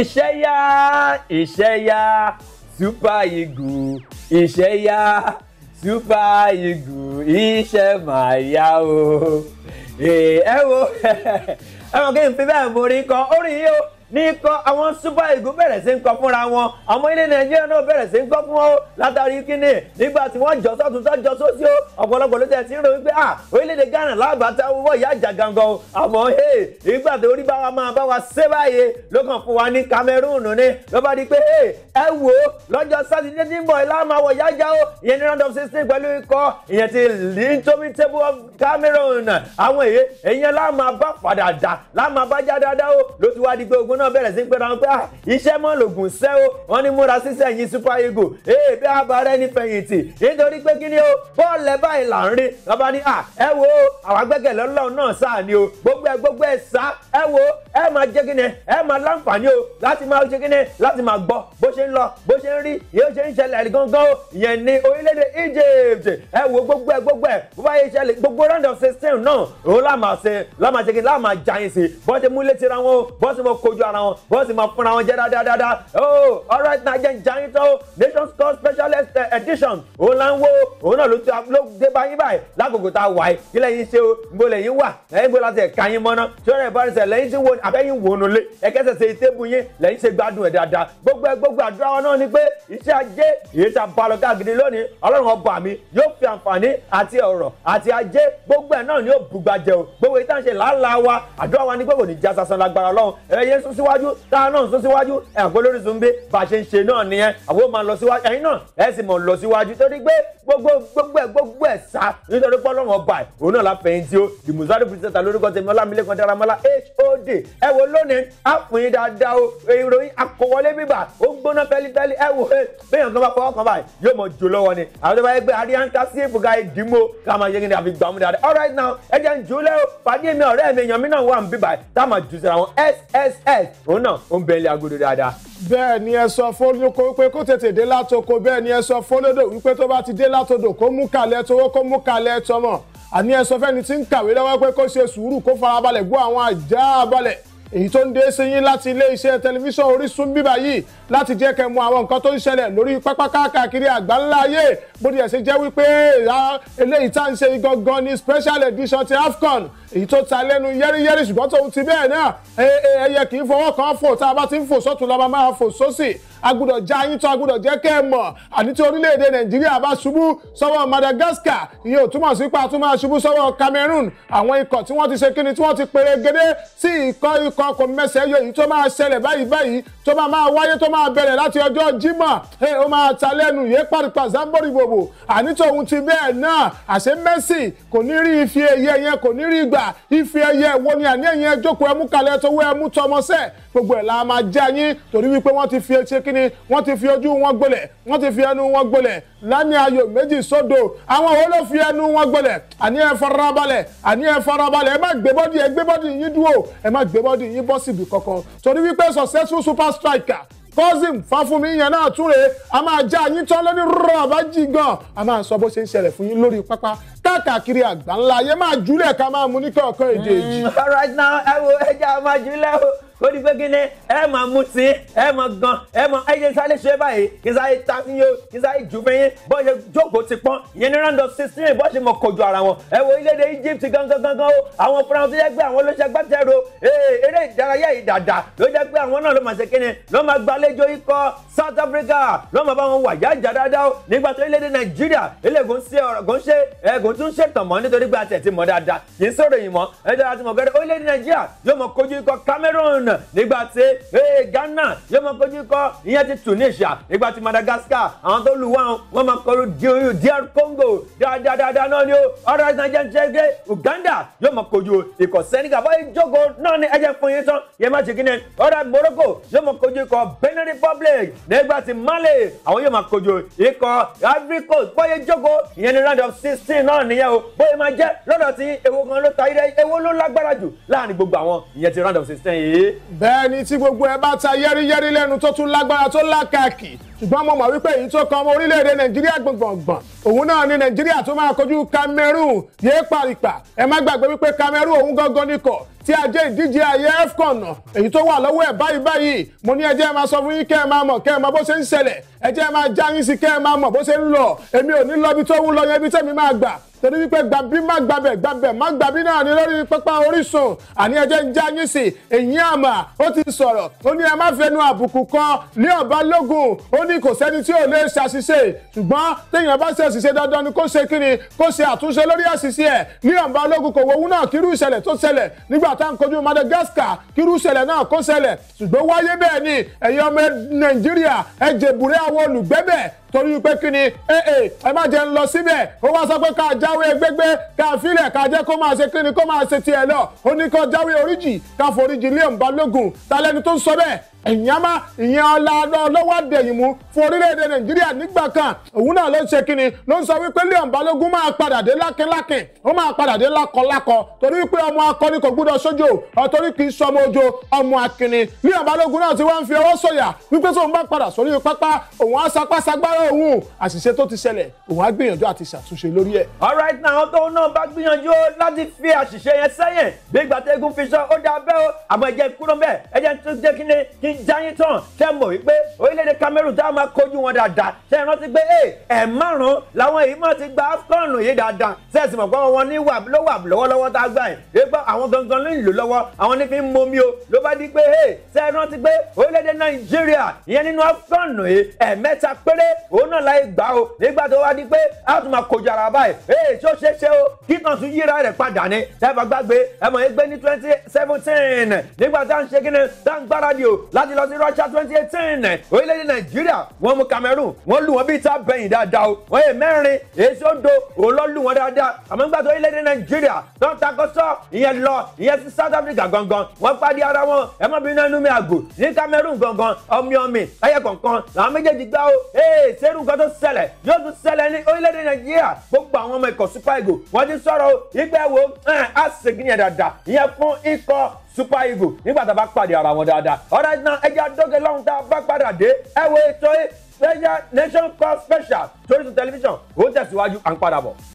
iṣẹ́ yá iṣẹ́ yá super eagle iṣẹ́ yá super eagle iṣẹ́ máa yá o ẹ wo ẹ mọ̀ kí n fi bẹ́ẹ̀ borí kan ó yìí o ní kọ́ àwọn super eagles bẹ̀rẹ̀ sí ń kọ fúnra wọn ọmọ ilẹ̀ nàìjíríà náà bẹ̀rẹ̀ sí ń kọ fún wọn látàrí kíni nígbà tí wọ́n jọ́sọ́ tuntun jọ́sọ́ sí o ọ̀pọ̀lọpọ̀ ló tẹ̀ sí ń rò wípé à orílẹ̀-èdè ghana lágbàtà owó ìyá àjà gangan o àmọ́ hey nígbà tó rí bá wa máa bá wa ṣe báyìí ló kàn fún wa ní cameroon ní ló bá di pé hey ẹ wò ó lọ́jọ́ sátidé tí ń bọ̀ ilá máa wọ ìyá àjà o ìyẹn ní round of sixteen cameroon àwọn èyí ìyẹn lá máa bá padà dà lá máa bá já dáadáa o ló ti náà bẹ̀rẹ̀ sí pẹ́ra wọn pé ah, iṣẹ́ mọ́ lògùn ṣẹ́ o wọ́n ní múra sísẹ̀ yín super eagle ee eh, bí abarẹ́ ní fẹ̀yìntì nítorí pé kí ni o bọ́ọ̀lù ẹ̀ báyìí là ń rí bàbá ní ah, ẹ wo àwọn agbẹ́gẹ̀lẹ́ ọlọ́run náà sáà ni o gbogbo ẹ gbogbo ẹ sá ẹ wo ẹ máa jẹ́ kí ni ẹ máa láǹfààní o láti máa ṣe kí ni láti máa gbọ́ bó ṣe ń lọ bó ṣe ń rí yóò ṣe ń ṣẹlẹ̀ gangan o ìyẹn ní orílẹ̀-èdè Egypt ẹ wo gbogbo ẹ gbogbo ẹ bó bá yẹ ṣẹlẹ̀ gbogbo round of sixteen náà òun lá máa ṣe lá máa ṣe kí ni lá máa jayin sí bó ṣe múlé tira wọn bó ṣe mọ kojú ara wọn bó ṣe mọ fúnra wọn jẹ́ dáadáa oh all right na jẹ́ jayin tó Nations Cup special eh, edition òun là ń wo òun náà ló dé báyìí báyìí lákòókò tá a wà yìí kí lẹ́yìn ṣe o ń gbọ́ lẹ́yìn wà ẹ̀yìn gbọ́ láti ẹ̀ka yín mọ́ná tí ó rẹ̀ bá rẹ̀ sẹ̀ lẹ́yìn tí wọ́n abẹ́yìn wò nulẹ̀ ẹ̀kẹ́sẹ̀sẹ̀ ìtẹ́bù yín lẹ́yìn ṣe gbádùn ẹ̀ dáadáa gbogbo ẹ gbogbo àdúrà wọn náà ni pé iṣẹ́ ajé èyí tá a bá lọ káàkiri lónìí ọlọ́run ọba mi yóò fi àǹfààní àti ọ̀rọ̀ àti ajé gbogbo ẹ̀ náà ni yóò bùgbàjẹ́ o gbogbo ìtàn ṣe làálàá wa àdúrà wa ni pé kò ní já sasán lágbára ọlọ́run ẹ̀yẹ sún síwájú táwa náà sún síwájú ẹ̀kọ́ lórí sunbí bá a ṣe ń ṣe náà nìyẹn àwọn máa lọ síwájú ẹ̀yin náà ẹ̀ sì mọ̀ lọ síwájú torí pé gbogbo gbogbo ẹ̀ gbogbo ẹ̀ sá nítorí pé ọlọ́run ọba ẹ̀ òun náà láfẹ̀yìntì o dìmùsọ́dún pìtẹ́tà lórúkọ tèmi ọlámilẹ́kan hod ẹ wo lónìí á fún dáadáa o ìròyìn akọwọlé bíbà ó gbóná fẹ́lifẹ́li ẹ wo eh, bẹ́ẹ̀ kan bá fọwọ́ kan báyìí yóò mọ̀ jò lọ́wọ́ ni àwọn tó bá yẹ pé àríyáńká sí ìfúga ìdìmọ̀ ká máa yege ni àfi gbàmú dáadáa all right now ẹ jẹ́ ń jù ú lẹ́wọ́ pàdé mi ọ̀rẹ́ mi èèyàn mi náà wà ń bíbà tá a máa jù síra wọn sss òun náà ó ń bẹ́ẹ̀ agodo dáadáa bẹ́ẹ̀ ni ẹ sọ fólókó wípé kó tètè dé látoko bẹ́ẹ̀ ni ẹ sọ fólódò wípé tó bá ti dé látodò kó mú kalẹ̀ towó kó mú kalẹ̀ tọmọ àní ẹ sọ fẹ́ni tí ń kàwé lọ́wọ́ pé kó ṣe sùúrù kó farabalẹ̀ gbọ́ àwọn àjàbalẹ̀ èyí tó ń dé sí yín láti ilé iṣẹ́ tẹlifíṣàn Orísun bíbá yìí láti jẹ́ kẹ́ mọ àwọn nǹkan tó ń ṣẹlẹ̀ lórí pápá káàkiri àgbáńlá ayé bó ti ẹ̀sìn jẹ́ wípé eléyìí tá ń ṣe gangan ní special edition ti AFCON èyí tó ta lẹ́nu yẹ́rìyẹ́rì ṣùgbọ́n tóun ti bẹ́ẹ̀ náà ẹyẹ kì í fọwọ́ kan fò tá a bá ti ń fò sọ́tún lọ́ba máa fò sósì agbọ́dọ̀ já yín tó agbọ́dọ̀ jẹ́ kẹ́ ẹ mọ̀ àní tí orílẹ̀-èdè nàìjíríà bá ṣubú sọ́wọ́ madagascar ìyẹn ò túmọ̀ sí pé a tún máa ṣubú sọ́wọ́ cameroon àwọn ikọ̀ tí wọ́n ti ṣe kíni tí wọ́n ti pèrè gédé sí ikọ̀ ikọ̀ kò mẹ́sẹ̀ yọ èyí tó máa ṣẹlẹ̀ báyìí báyìí tó máa máa wáyé tó máa máa bẹ̀rẹ̀ láti ọjọ́ Jímọ̀ ó máa ta lẹ́nu yé pàrípà zambori gbogbo ànító ohun ti bẹ́ẹ̀ náà àṣé Messi kò ní rí ife ẹ̀yẹ yẹn kò ní rí ìgbà ife ẹ̀yẹ wo ni àní ẹ̀yẹ jókòó ẹmú kalẹ̀ tó wẹ́ ẹmú tọmọsẹ̀ gbogbo ẹ̀ la máa já yín torí wípé wọ́n ti fi etí kíni wọ́n ti fi ojú wọn gbolẹ̀ wọ́n ti fi ẹnu wọn gbolẹ̀ lánìí ayò méjì sódò àwọn wo ló fi ẹnu wọn gbolẹ̀ àní ẹ farabalẹ̀ àní ẹ farabalẹ̀ ẹ má gbé bọ́dì ẹ gbé bọ́dì yín dúró ẹ má gbé bọ́dì yín bọ́ síbi kankan torí wípé successful super striker Kọ́sìm Fáfúnmi yẹn náà túnre a máa já yín tán lóní rọ̀bá jì gan a máa sọ bó ṣe ń ṣẹlẹ̀ fún yín lórí pápá káàkiri àgbáńlá ayé máa júlẹ̀ ká máa mú ní kọ̀ọ̀kan èdè èjì. Mm, all right now ẹ wo ẹja máa júlẹ̀ o ó di pé kíni ẹ mọ mutí ẹ mọ gan ẹ mọ ẹ yẹ sáré ṣe báyìí kí n sáré ta fi yín kí n sáré jù fún yín bó ṣe jókòó ti pọ́n ìyẹn ní round of sixteen bó ṣe mọ̀ kojú ara wọn ẹ wo ilé-èdè Egypt gangan gangan o àwọn fúnra tó jẹ́ pé àwọn ló ṣe agbátẹrù eré ìdárayá yìí dàda ló jẹ́ pé àwọn náà ló máa ṣe kíni ló máa gbàlejò ikọ̀ South Africa ló máa bá wọn wà yájà dáadáa o nígbà tó ilé-èdè Nàìjíríà ilé-ègùn ṣe ọ̀rọ̀gùn ṣe ẹ̀gùn tún ṣètàn mọ́ nítorí pé àtẹ̀ ti mọ̀ dáadáa kì í sọ̀rọ̀ yìí mọ́ ẹ̀ dára ti mọ̀ gẹ́gẹ́ Cameroon hàn nígbà tí Ghana yóò máa kojú kọ ìyẹn ti Tunisia nígbà tí Madagascar àwọn tó lù wá wọn máa kọlu DR Congo dáadáa náà ni ó ọ̀rọ̀ ẹ̀sán jẹ́ ṣẹ́gẹ́ Uganda yóò máa kojú ikọ̀ Senegal báyìí jókòó náà ni ẹ̀jẹ̀ fún yín tán yẹn má ṣe kí ni Morocco yóò máa kojú ikọ̀ Benin Republic nígbà tí Mali àwọn yóò máa kojú ikọ̀ Ivory Coast báyìí jókòó ìyẹn ni round of sixteen náà nìyẹn o bóyá máa jẹ́ lọ́dọ̀ tí èwo kan ló ta ilé èwo ló lágbára jù láàrin gbogbo àwọn ìyẹn ti round of sixteen yìí bẹ́ẹ̀ ni tí gbogbo ẹ bá ta yẹ́rìyẹ́rì lẹ́nu tó tún lágbára tó lákàkì ṣùgbọ́n mo mọ̀ wípé èyí tó kan ọmọ orílẹ̀-èdè nàìjíríà gbọ̀ngbọ̀ngbọ̀n òun náà ni nàìjíríà tó máa kojú cameroon yéé paripa ẹ má gbàgbé wípé cameroon òun gangan nìkọ̀ tí a jẹ́ ìdíje ayé afcon náà èyí tó wà lọ́wọ́ ẹ̀ báyìí báyìí mo ní ẹjẹ́ máa sọ fún yín kẹ́ ẹ máa mọ̀ kẹ́ ẹ máa bó ṣe ń ṣẹlẹ̀ ẹjẹ́ máa já yín sí kẹ́ ẹ máa mọ̀ bó ṣe ń lọ èmi ò ní lọ ibi tó ń lọ yẹn ibi tẹ́mi máa gbà torí wípé gbàbí má gbàbẹ̀ gbàbẹ̀ má gbàbí náà ni lórí pápá Orísun àní ẹjẹ́ ń já yín sí èyí àmà ó ti sọ̀rọ̀ ó ní ẹ má fẹnu àbùkù kan ní Ọbalógun ó ní kò sẹ́ni tí ò lè ṣàṣìṣe ṣùgbọ́n téèyàn bá ṣe àṣìṣe dandan ni kó ṣe kíni kó ṣe àtúnṣe lórí àṣìṣe ẹ̀ ní Ọbalógun kò wọ́wú náà kírú ìṣẹ̀lẹ̀ tó ṣẹlẹ̀ nígbà tá à kojú Madagascar kírú ìṣẹ̀lẹ̀ náà kó ṣẹlẹ̀ ṣùgbọ́n wáyé bẹ́ẹ̀ ni ẹ̀yin ọmọ Nàìjíríà ẹ jèbùrẹ́ torí pé kí ni ee eh, eh, ẹ má jẹ́ ń lọ síbẹ̀ ó wá sọ pé ká jáwé gbégbé ká fílẹ̀ ká jẹ́ kó máa ṣe kí ni kó máa ṣe tiẹ̀ lọ ó jáwé oríjì ká foríjì Liam Balógun ta lẹni tó ń sọ bẹ́ẹ̀ ẹ̀yàmá ìyẹn ọlá lọ́wọ́ dẹ̀yìn mú fún orílẹ̀-èdè nàìjíríà nígbà kan òun náà ló ṣe kínni ló ń sọ wípé leon balógun máa padà dé lákínlákìn ó máa padà dé lákọlákọ torí wípé ọmọ akọni kò gbúdọ̀ sójò torí kì í sọmọ ojo ọmọ akínni leon balógun náà ti wá ń fi ọwọ́ sọ̀yà wípé tóun bá padà sórí pápá òun á sapásagbára òun àṣìṣe tó ti ṣẹlẹ̀ òun á gbìyànjú àti ṣàtúnṣe lórí all right now tóun náà bá gbìyànjú láti fi àṣìṣe yẹn sẹ́yìn bí gbàtẹ́gùn fi sọ ó dáa bẹ́ẹ̀ o àmọ́ ẹ jẹ́ kúrò bẹ́ẹ̀ ẹ jẹ́ tún jẹ́ kí ti ń jáyín tán ṣe mọ̀ wípé orílẹ̀-èdè Cameroon tá a máa kojú wọn dáadáa ṣe é rántí pé ẹ̀ márùn-ún làwọn èyí máa ti gba AFCON yìí dáadáa ṣe é sì mọ̀ pé wọn ní wà ló wà lọ́wọ́lọ́wọ́ tá a gbà yìí rí pé àwọn gangan ló ń lò lọ́wọ́ àwọn ní fi ń momi o ló bá di pé ṣe é rántí pé orílẹ̀-èdè Nàìjíríà ìyẹn nínú AFCON yìí ẹ̀mẹ́ta péré òun náà láì gbà o nígbà tó wá di pé a tún máa kojú ara báyìí ee tí ṣeé ṣe o láti lọ sí Russia twenty eighteen orílẹ̀-èdè Nàìjíríà wọ́n mú Cameroon wọ́n lù wọ́n bíi tá bẹ̀yìn dáadáa o wọ́n yẹ mẹ́rin èso do òun ló lù wọ́n dáadáa àmọ́ nígbà tó orílẹ̀-èdè Nàìjíríà tó ń takò sọ ìyẹn lọ ìyẹn sí South Africa gangan wọ́n pàdé ara wọn ẹ má bínú ẹnu mi àgbò ní Cameroon gangan ọmọ ọmọ ẹyẹ kọ̀ọ̀kan làwọn méjèèjì gbá o ee sẹ́rù nǹkan tó ṣẹlẹ̀ yóò tún ṣẹlẹ̀ ní orílẹ̀-èdè Nàìjíríà gbogbo àwọn ọmọ ikọ̀ Super Eagles wọ́n ti sọ̀rọ̀ o ìgbẹ́ wo ẹ̀ á ṣègìyàn dáadáa ìyẹn fún ikọ̀ super eagle nígbà tá a bá pàdé ara wọn dáadáa ọ̀rẹ́ náà ẹja dọ́gẹ́ lọ́hùn tá a bá padà dé ẹ wo ètò ẹ special nation call special torí sun tẹlifíṣàn ó tẹ̀síwájú à ń padà bọ̀.